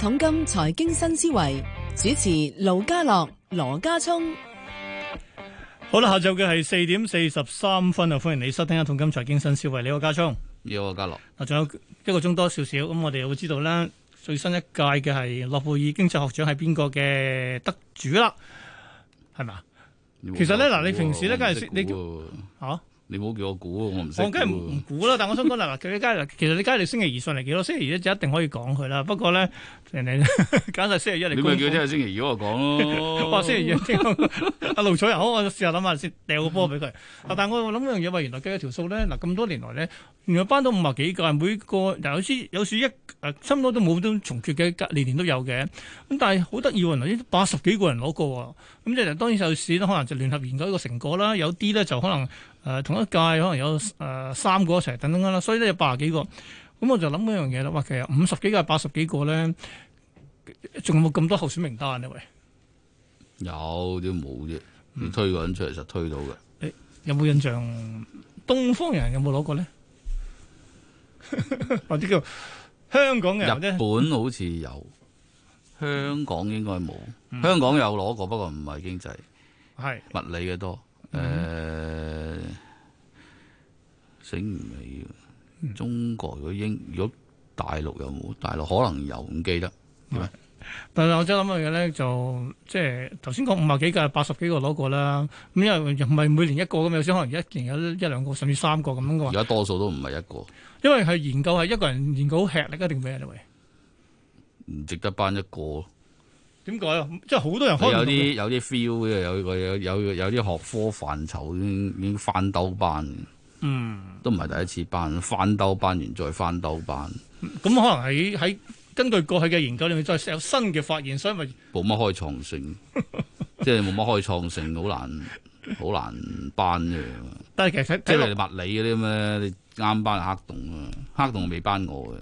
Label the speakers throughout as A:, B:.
A: 統金財經新思維主持盧家樂羅家聰，好啦，下晝嘅係四點四十三分啊！歡迎你收聽一下《統金財經新思維》，你好家聰，你好家樂啊！仲有一個鐘多少少咁，我哋又會知道啦。最新一屆嘅係諾貝爾經濟學獎係邊個嘅得主啦？係咪？啊、其實咧，嗱，你平時咧，梗係識你啊。
B: 你叫你叫啊你唔好叫我估，我唔識、啊。我梗
A: 係唔估啦，但我想講嗱嗱， 其實你嘉其實你嘉力星期二上嚟幾多？星期一就一定可以講佢啦。不過咧，人哋簡直星期一
B: 嚟。你咪叫聽日星期二我講星、啊、期二
A: 阿勞、 啊、彩啊，好，我試下諗下先，掉個波俾佢。但我諗一樣嘢，喂，原來計咗條數咧，嗱，咁多年來咧，原來班到五十幾個，每個黎老師有時一誒差唔多都冇都從缺嘅，隔年年都有嘅。咁但係好得意喎，原來呢八十幾個人攞過喎。咁即係當然有時可能就聯合研究一個成果啦。有啲咧就可能。誒、呃，同一屆可能有誒、呃、三個一齊等等啦，所以咧有八十幾個，咁我就諗嗰樣嘢啦。哇，其實五十幾個、八十幾個咧，仲有冇咁多候選名單呢？喂，
B: 有啲冇啫，嗯、你推個人出嚟就推到
A: 嘅。你有冇印象東方人有冇攞過呢？
B: 或者叫香港人？日本好似有，嗯、香港應該冇。嗯、香港有攞過，嗯、不過唔係經濟，係是物理嘅多。嗯嗯、誒，醒唔起？嗯、中國如果英，如果大陸又冇，大陸可能又唔記得。嗯、
A: 但係我真諗起咧，就即係頭先講五十幾個，八十幾個攞過啦。咁又又唔係每年一個咁，有啲可能一年有一兩個，甚至三個咁嘅。而家
B: 多數都唔係一個，
A: 因為係研究係一個人研究好吃力啊，定咩咧？喂，
B: 唔值得頒一個。
A: 點解啊？即係好多人可能有啲
B: 有啲 feel 嘅，有些有有有啲學科範疇已經已經翻兜班嗯，都唔係第一次班，翻兜班完再翻兜班，
A: 咁可能喺喺根據過去嘅研究裏面，再有新嘅發現，所以咪
B: 冇乜開創性， 即係冇乜開創性，好難好難班嘅。 但係其實即係物理嗰啲咩，啱班係黑洞啊，黑洞未班我嘅。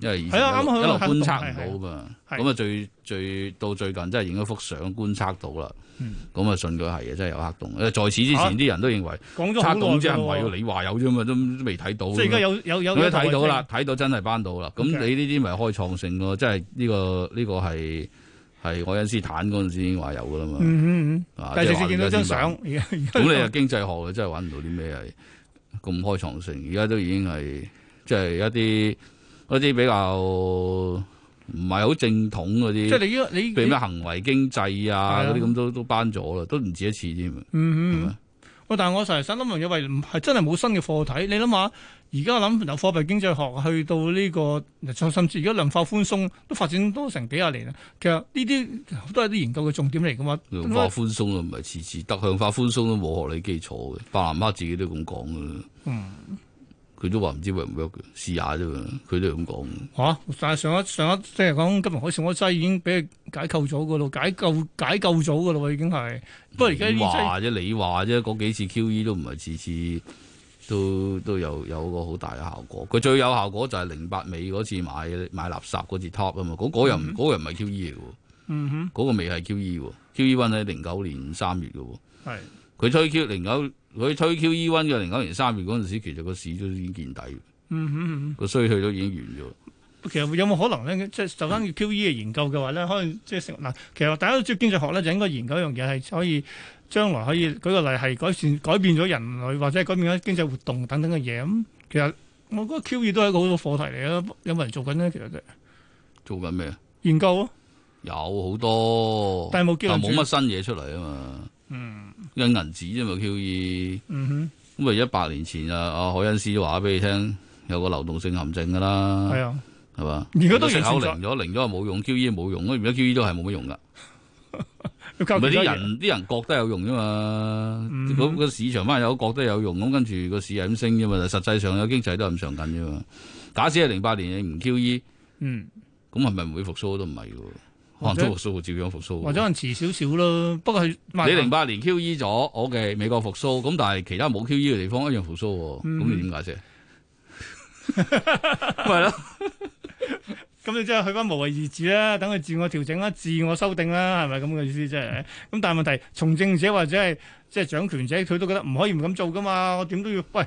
B: 因為以前一路觀察唔到㗎，咁啊最最到最近真係影咗幅相觀察到啦，咁啊信佢係啊，真係有黑洞。因為在此之前，啲人都認為黑洞只係唔係喎，你話有啫嘛，都未睇到。即係而家有有有，而家睇到啦，睇到真係班到啦。咁你呢啲咪開創性咯？即係呢個呢個係係愛因斯坦嗰陣時已經話有噶啦嘛。嗯嗯見到張相，咁你啊經濟學嘅真係揾唔到啲咩係咁開創性。而家都已經係即係一啲。嗰啲比較唔係好正統嗰啲，即係
A: 你依家你咩行
B: 為經濟啊嗰啲咁都你都班咗啦，都唔止一次添。嗯嗯
A: 哼，喂嗎，但係我成日想諗問嘢，喂，係真係冇新嘅課題？你諗下，而家諗由貨幣經濟學去到呢個，甚至而家量，量化寬鬆都發展都成幾廿年啦。其實呢啲都係啲研究嘅重點嚟㗎嘛。量化寬
B: 鬆啊，唔係次次特向化寬鬆都冇學理基礎嘅，伯南克自己都咁講㗎。嗯。佢都話唔知 work 唔 work 嘅，試下啫嘛。佢都係咁講
A: 吓，但係上一上一即係講金融海嘯嗰隻已經俾佢解救咗噶啦，解救解救咗噶啦，已經係。不過而家話
B: 啫，你話啫，嗰幾次 QE 都唔係次次都都有有個好大嘅效果。佢最有效果就係零八尾嗰次買買垃圾嗰次 top 啊嘛，嗰嗰又唔係 QE 嚟嗯嗰哼個未係 QE 喎，QE one 喺零九年三月嘅。係佢吹 QE 零九。佢推 QE one 嘅零九年三月嗰陣時候，其實個市都已經見底，個
A: 嗯
B: 嗯衰退都已經完咗。
A: 其實有冇可能咧？即係就啱 QE 嘅研究嘅話咧，嗯、可能即係成嗱。其實大家都知經濟學咧，就應該研究一樣嘢係可以將來可以，舉個例係改善、改變咗人類或者改變咗經濟活動等等嘅嘢。咁其實我覺得 QE 都係一個好課題嚟啊，有冇人做緊呢？其實都做緊咩啊？研究
B: 啊，有好多，但係冇乜新嘢出嚟啊嘛。嗯。嘅銀紙啫嘛，QE，咁啊，e 嗯、哼一百年前啊，阿海恩斯都話俾你聽，有個流動性陷阱噶啦，係啊，係嘛？而家都完零咗，零咗係冇用，QE 冇用咯，而家 QE 都係冇乜用噶。
A: 咪啲人
B: 啲人覺得有用啫嘛，嗯、哼個市場翻有覺得有用，咁跟住個市係咁升啫嘛，實際上有經濟都係咁上緊啫嘛。假設係零八年你唔 QE，
A: 嗯，
B: 咁係咪唔會復甦都唔係㗎？或者復甦，照樣復甦。或者
A: 可能遲少少咯，不過佢，你零八
B: 年 QE 咗我嘅美國復甦，咁但係其他冇 QE 嘅地方一樣復甦，咁點、嗯、解
A: 啫？咪咯，咁你即係去翻無為而治啦，等佢自我調整啦，自我修訂啦，係咪咁嘅意思啫？咁、嗯、但係問題，從政者或者係即係掌權者，佢都覺得唔可以唔咁做噶嘛，我點都要喂。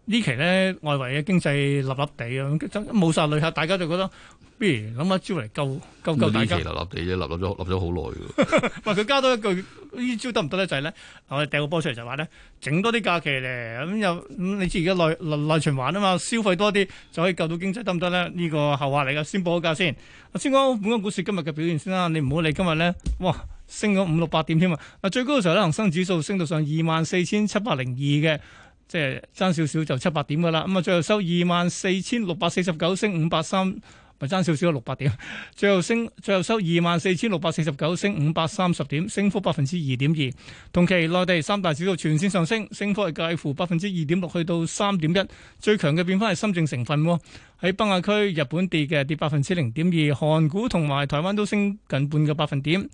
A: 這期呢期咧，外圍嘅經濟立立地啊，冇晒旅客，大家就覺得，不如諗下招嚟救救救緊。呢期立
B: 立地啫，立立咗立咗好耐。
A: 唔係佢加多一句招行行呢招得唔得咧？就係、是、咧，我哋掉個波出嚟就話咧，整多啲假期咧，咁、嗯、又你知而家內內循環啊嘛，消費多啲就可以救到經濟，得唔得咧？呢個後話嚟噶，先報個價先。先講本港股市今日嘅表現先啦，你唔好理今日咧，哇，升咗五六百點添啊！最高嘅時候咧，恒生指數升到上二萬四千七百零二嘅。即係爭少少就七八點㗎啦，咁啊最後收二萬四千六百四十九，升五百三，咪爭少少六百點。最後升，最後收二萬四千六百四十九，升五百三十點，升幅百分之二點二。同期內地三大指數全線上升，升幅係介乎百分之二點六去到三點一。最強嘅變化係深證成分喎，喺北亞區日本跌嘅跌百分之零點二，韓股同埋台灣都升近半個百分點。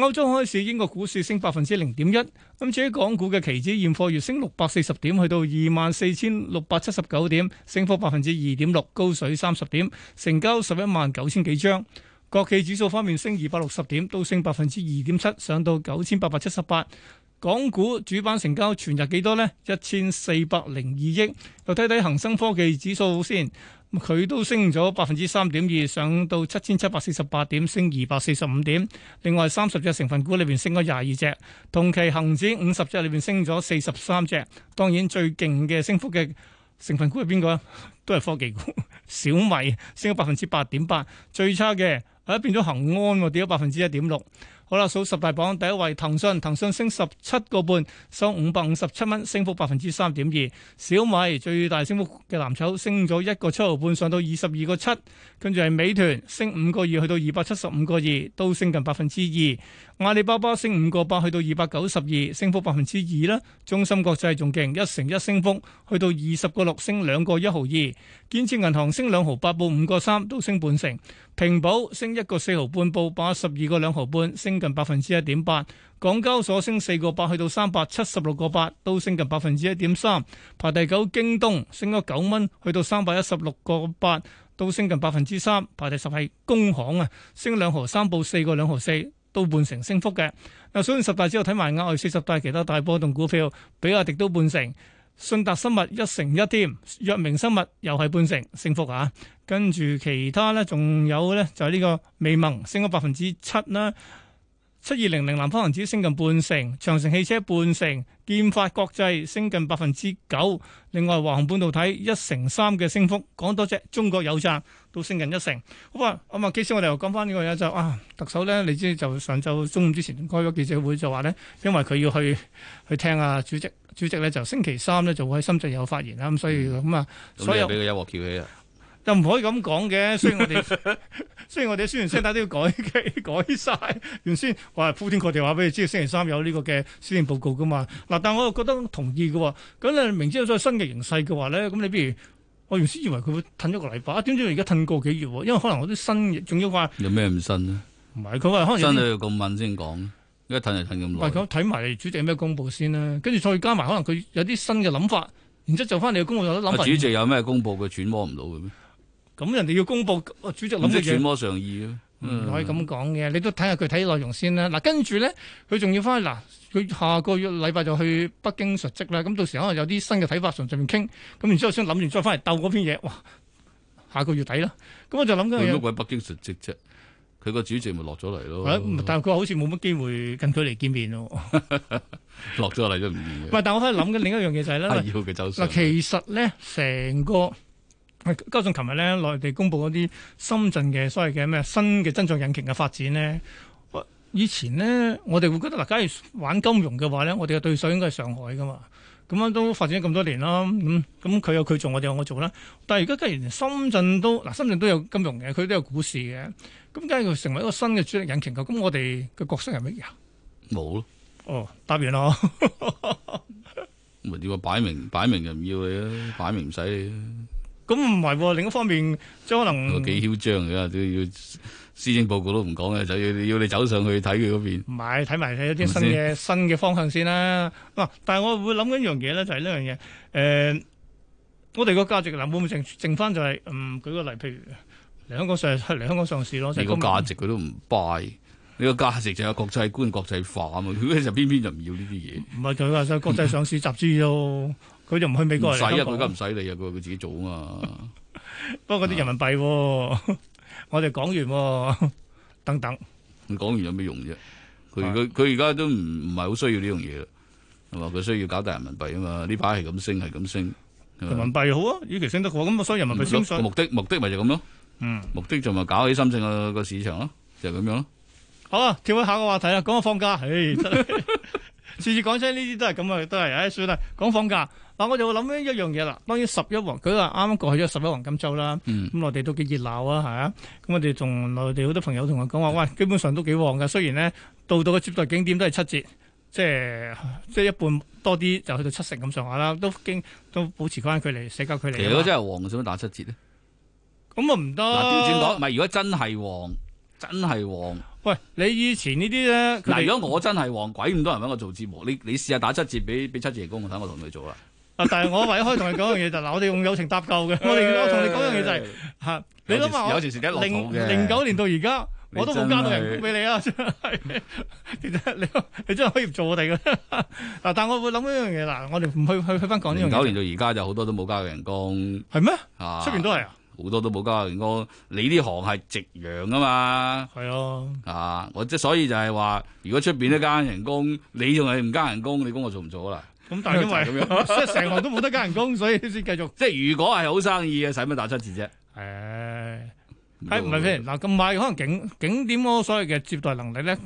A: 歐洲開始，英國股市升百分之零點一。咁至於港股嘅期指現貨月升六百四十點，去到二萬四千六百七十九點，升幅百分之二點六，高水三十點，成交十一萬九千幾張。國企指數方面升二百六十點，都升百分之二點七，上到九千八百七十八。港股主板成交全日幾多呢？一千四百零二億。又睇睇恒生科技指數先。佢都升咗百分之三點二，上到七千七百四十八點，升二百四十五點。另外三十隻成分股裏邊升咗廿二隻，同期恒指五十隻裏邊升咗四十三隻。當然最勁嘅升幅嘅成分股係邊個？都係科技股，小米升咗百分之八點八。最差嘅啊變咗恒安，跌咗百分之一點六。好啦，數十大榜，第一位騰訊，騰訊升十七個半，收五百五十七蚊，升幅百分之三點二。小米最大升幅嘅藍籌，升咗一個七毫半，上到二十二個七。跟住係美團，升五個二，去到二百七十五個二，都升近百分之二。阿里巴巴升五個八，去到二百九十二，升幅百分之二啦。中芯國際仲勁，一成一升幅，去到二十個六，升兩個一毫二。建設銀行升兩毫八，報五個三，都升半成。平保升一個四毫半，報八十二個兩毫半，升近百分之一點八。港交所升四個八，去到三百七十六個八，都升近百分之一點三。排第九，京東升咗九蚊，去到三百一十六個八，都升近百分之三。排第十係工行啊，升兩毫三，報四個兩毫四，都半成升幅嘅。嗱，數完十大之後睇埋額外四十大其他大波動股票，比亞迪都半成。信達生物一成一添，藥明生物又係半成升幅啊！跟住其他咧，仲有咧就係呢個微盟升咗百分之七啦，七二零零南方恒指升近半成，長城汽車半成，建發國際升近百分之九，另外華虹半導體一成三嘅升幅。講多隻中國有讚都升近一成。好啊，咁啊，即係我哋又講翻呢個嘢就啊，特首咧，你知就上晝中午之前開咗記者會就話咧，因為佢要去去聽啊主席。主席咧就星期三咧就喺深圳有發言啦，咁所以咁啊，咁、嗯嗯、以又俾
B: 佢一鑊撬起啊！
A: 又唔可以咁講嘅，雖然我哋，雖 然我哋書面聲帶都要改嘅， 改晒原先話鋪天蓋地話俾你知，星期三有呢個嘅書面報告噶嘛。嗱、啊，但我又覺得同意嘅。咁你明知有咗新嘅形勢嘅話咧，咁你不如我原先以為佢會褪咗個禮拜，點、啊、知而家褪個幾月？因為可能我啲新嘅，仲要話
B: 有咩唔新咧？唔係，佢話可能新到要咁問先講。一褪
A: 咁睇埋你主席有咩公布先啦，跟住再加埋可能佢有啲新嘅諗法，然之後就翻你嘅公布有得諗。主席
B: 有咩公布，佢揣摩唔到嘅咩？
A: 咁人哋要公布，主席諗嘅嘢。揣摩
B: 上意咯、啊，嗯、唔可以
A: 咁講嘅。你都睇下佢睇內容先、啊啊、啦。嗱，跟住咧，佢仲要翻去嗱，佢下個月禮拜就去北京述職啦。咁到時可能有啲新嘅睇法上上面傾，咁然之後先諗完再翻嚟鬥嗰篇嘢。哇！下個月底啦，咁我就諗緊。
B: 北京述職啫！佢個主席咪落咗嚟咯， 但係
A: 佢好似冇乜機會近距離見面咯。
B: 落咗嚟都唔見嘅。但我喺度諗緊另一樣嘢就係咧， 其實
A: 咧，成個加上琴日咧，內地公布嗰啲深圳嘅所謂嘅咩新嘅增長引擎嘅發展呢。哇以前呢，我哋會覺得嗱，假如玩金融嘅話咧，我哋嘅對手應該係上海㗎嘛。咁樣都發展咗咁多年啦，咁咁佢有佢做，我哋有我做啦。但係而家既然深圳都嗱，深圳都有金融嘅，佢都有股市嘅。咁梗係要成為一個新嘅主力引擎噶，咁我哋嘅角色係乜嘢？
B: 冇咯。
A: 哦，答完啦。
B: 咪呢個擺明擺明就唔要你啦，擺明唔使你。咁唔係，另一方面即係可能。幾囂張㗎都要施政報告都唔講嘅，就要要你走上去睇佢嗰邊。
A: 唔係，睇埋睇啲新嘅、新嘅方向先啦。哇！但係我會諗緊一樣嘢咧，就係呢樣嘢。誒，我哋個價值嗱，會唔會剩剩翻就係，嗯，舉個例，譬如。嚟香港上嚟香港上市咯。市你個價
B: 值佢都唔 buy，你個價值就有國際觀國際化啊嘛，佢咧就偏偏就唔要呢啲嘢。
A: 唔係佢話想國際上市集資咯，佢 就唔去美國嚟香港。唔使啊，佢
B: 而家唔使你啊，佢佢自己做啊嘛。
A: 不過啲人民幣、哦，是 我哋講完、哦、等等。
B: 你講完有咩用啫？佢佢佢而家都唔唔係好需要呢樣嘢係嘛？佢需要搞大人民幣啊嘛，呢排係咁升係咁升。這升人民
A: 幣好啊，與其升得個咁啊，所以人民幣升上目
B: 的目的咪就咁咯。嗯，目的就咪搞起深
A: 圳個市
B: 場咯，就咁、是、樣咯。
A: 好啊，跳去下一個話題啦，講下放假。誒，次 次講聲呢啲都係咁啊，都係唉、哎，算啦。講放假嗱，我就諗起一樣嘢啦。當然十一黃，佢話啱啱過去咗十一黃金周啦。咁、嗯、內地都幾熱鬧啊，係啊。咁我哋同內地好多朋友同我講話，喂，基本上都幾旺嘅。雖然呢，到到嘅接待景點都係七折，即係即係一半多啲，就去到七成咁上下啦。都經都保持翻距離，社交距離。如果真
B: 係旺，做乜嘛打七折咧？
A: 咁啊唔得！嗱，調轉講，唔係如果真
B: 係旺，真係旺。喂，你以前呢啲咧，嗱，如果我真係旺，鬼咁多人搵我做節目，你你試下打七折俾俾七折人工，我睇我同你做啦。
A: 但係我唯一可以同你講樣嘢就，嗱， 我哋用友情搭救嘅、哎。我哋我同你講樣嘢就係、是、吓，哎、你諗下，有情是一零九年到而家，我都冇加到人工俾你啊！你真係 可以唔做我哋嘅。嗱， 但我會諗呢樣嘢嗱，我哋唔去去去翻講呢樣九年
B: 到而家就好多都冇加到人工。係咩嗎？出邊都係啊。好多都冇加人工，你呢行係夕陽啊嘛，係咯啊，我即、啊、所以就係話，如果出邊都加人工，你仲係唔加人工，你估我做唔做啦？
A: 咁但係因為咁 樣，即成 行都冇得加人工，所以先繼續。即是如果係好生意嘅，使乜打七折啫？誒、欸，係唔係先嗱咁？咪可能景景點所謂嘅接待能力咧，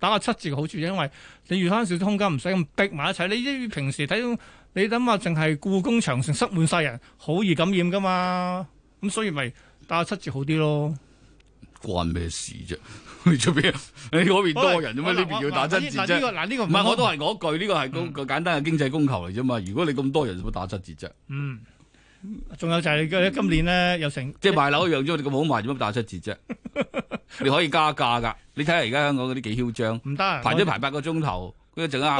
A: 打個七折嘅好處，因為你預翻少啲空間，唔使咁逼埋一齊。你一平時睇到你諗下，淨係故宮長城塞滿晒人，好易感染噶嘛？咁所以咪打七折好啲咯？
B: 關咩事啫？你出邊你嗰邊多人啫咩？呢邊要打七折啫？嗱，呢個唔係，我都係嗰句，呢個係個簡單嘅經濟供求嚟啫嘛。如果你咁多人，做乜打七折啫？
A: 嗯，仲有就係你今年咧，有成
B: 即係賣樓一樣啫，你咁好賣，做乜打七折啫？你可以加價噶。你睇下而家香港嗰啲幾囂張？唔得，排咗排八個鐘頭。下下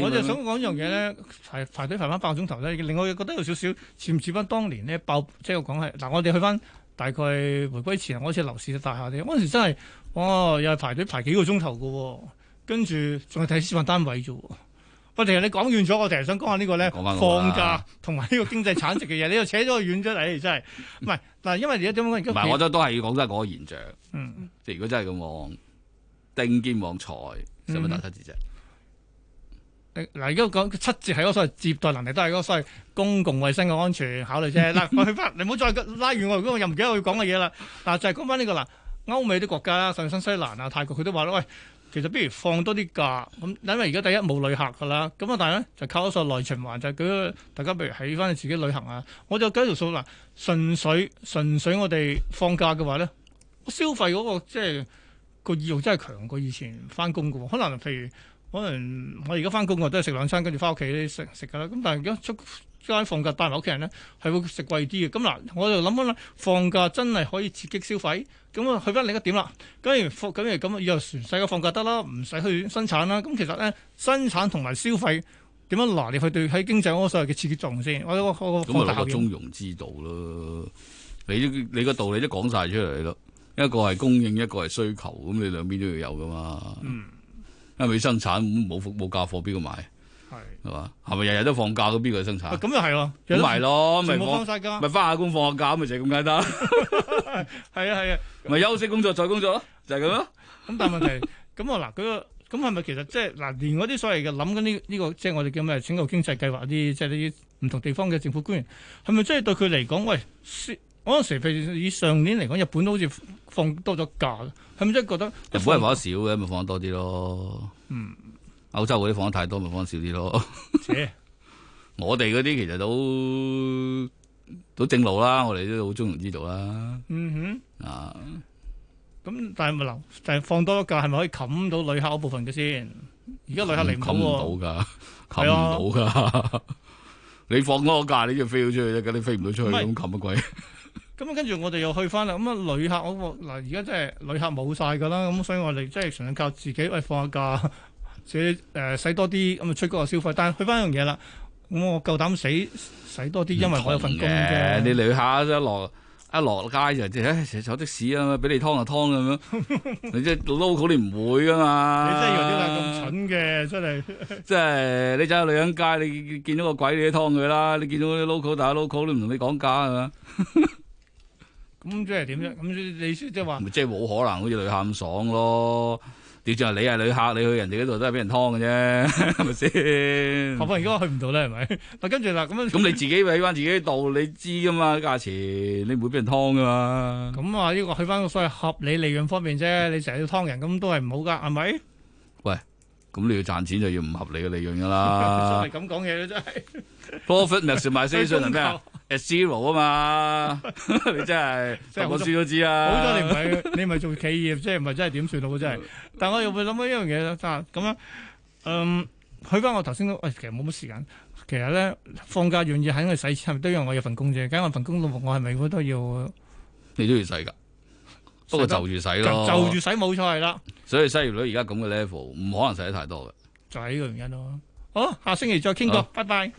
B: 我就想講一樣嘢咧，
A: 嗯、排排隊排翻八個鐘頭咧，令我又覺得有少少似唔似翻當年咧爆，即係講係嗱，我哋去翻大概回歸前，嗰似樓市大廈啲，嗰陣時真係哇，又係排隊排幾個鐘頭嘅，跟住仲係睇示範單位啫。不、啊、停你講遠咗，我成日想講下呢、這個咧，放假同埋呢個經濟產值嘅嘢， 你又扯咗個遠出嚟。真係唔係嗱，嗯、但因為而家點樣？唔係，我都
B: 都係講真嗰個現象。
A: 即
B: 係、嗯、如果真係咁旺丁兼旺財，使乜打七字啫？嗯嗯
A: 嗱，而家講七折係嗰個所謂接待能力，都係嗰個所謂公共衛生嘅安全考慮啫。嗱， 我去翻，你唔好再拉遠我。如果我又唔記得我要講嘅嘢啦。嗱，就係講翻呢個啦。歐美啲國家啦，甚至新西蘭啊、泰國，佢都話咯，喂，其實不如放多啲假咁，因為而家第一冇旅客噶啦，咁啊，但係咧就靠咗個內循環，就佢大家譬如喺翻自己旅行啊。我就計條數啦，純粹純粹我哋放假嘅話咧，消費嗰個即係個意欲真係強過以前翻工噶，可能譬如。可能我而家翻工我都係食兩餐，跟住翻屋企食食噶啦。咁但係而家出街放假帶埋屋企人咧，係會食貴啲嘅。咁嗱，我就諗翻啦，放假真係可以刺激消費。咁啊，去翻另一點啦。咁而咁而咁，以後全世界放假得啦，唔使去生產啦。咁其實咧，生產同埋消費點樣拿捏佢對喺經濟嗰個所謂嘅刺激作用先。我我我擴大嘅。咁個中
B: 庸之道咯。你你個道理都講晒出嚟咯。一個係供應，一個係需求，咁你兩邊都要有噶嘛。嗯。係咪生產冇冇價貨，邊個買？係係嘛？係咪日日都放假都邊個生產？咁又係咯，咪咯、啊，咪放曬㗎，咪
A: 翻下工放下假，咪就係咁簡單。係啊係啊，咪休息工作再工作咯，就係咁咯。咁 但係問題咁啊嗱，嗰個咁係咪其實即係嗱，連嗰啲所謂嘅諗緊呢呢個即係我哋叫咩？拯救經濟計劃啲，即係啲唔同地方嘅政府官員係咪真係對佢嚟講喂？嗰陣時，譬如以上年嚟講，日本都好似放多咗假，係咪真係覺得？日本人放
B: 得少嘅咪放得多啲咯。嗯，
A: 歐
B: 洲嗰啲放得太多咪放得少啲咯。
A: 麼
B: 我哋嗰啲其實都都正路啦，我哋都好中庸之道啦。嗯
A: 哼。啊，咁但係咪留？但係、就係、放多咗假，係咪可以冚到旅客嗰部分嘅先？而家旅客嚟冚唔
B: 到㗎，冚唔到㗎。你放多咗假，你就飛咗出去啫？你飛唔到出去，咁冚乜鬼？
A: 咁跟住我哋又去翻啦。咁啊，旅客我嗱，而家真係旅客冇晒噶啦。咁所以我哋即係純係靠自己。喂，放下假，自己誒使、呃、多啲。咁、嗯、啊，出個消費但係去翻一樣嘢啦。咁我夠膽死使多啲，因為我有份工嘅。你旅
B: 客一落一落街就即係，成日坐的士啊，俾你劏就劏咁樣。你即係 local，你唔會噶嘛？你真係用啲咁蠢
A: 嘅，真係。
B: 即係你走去女人街，你見到個鬼你都劏佢啦。你見到啲 local，但係 local 你唔同你講價係咪？
A: 咁即係點啫？咁你、嗯、即係話，即
B: 係冇可能好似旅客咁爽咯。你即係你係旅客，你去人哋嗰度都係俾人劏嘅啫，係咪先？何況
A: 而家去唔到咧？係咪？
B: 嗱、啊，跟住嗱，咁、嗯、咁你自己喺翻 自己度，你知噶嘛？價錢你唔會俾人㓥噶嘛？咁
A: 啊，呢、呢個去翻個所謂合理利潤方面啫，你成日要㓥人，咁都係唔好噶，係咪？
B: 喂，咁你要賺錢就要唔合理嘅利潤噶啦。 所以真係咁講嘢咧，真係 公教。Profit 唔係
A: zero 啊嘛，你真係，我知都知啦。好多你唔係，你唔係做企業，即係唔係真係點算好？真係。但我又會諗緊一樣嘢啦，即係咁樣。嗯，回翻我頭先都，喂，其實冇乜時間。其實咧，放假願意喺度使錢，係咪都因為我有份工啫？咁我份工度，我係咪我都要？
B: 你都要使㗎，不過就住使咯。就住使冇錯係啦。所以失業率而家咁嘅 level，唔可能使得太多嘅。
A: 就係呢個原因咯。好，下星期再傾過，拜拜。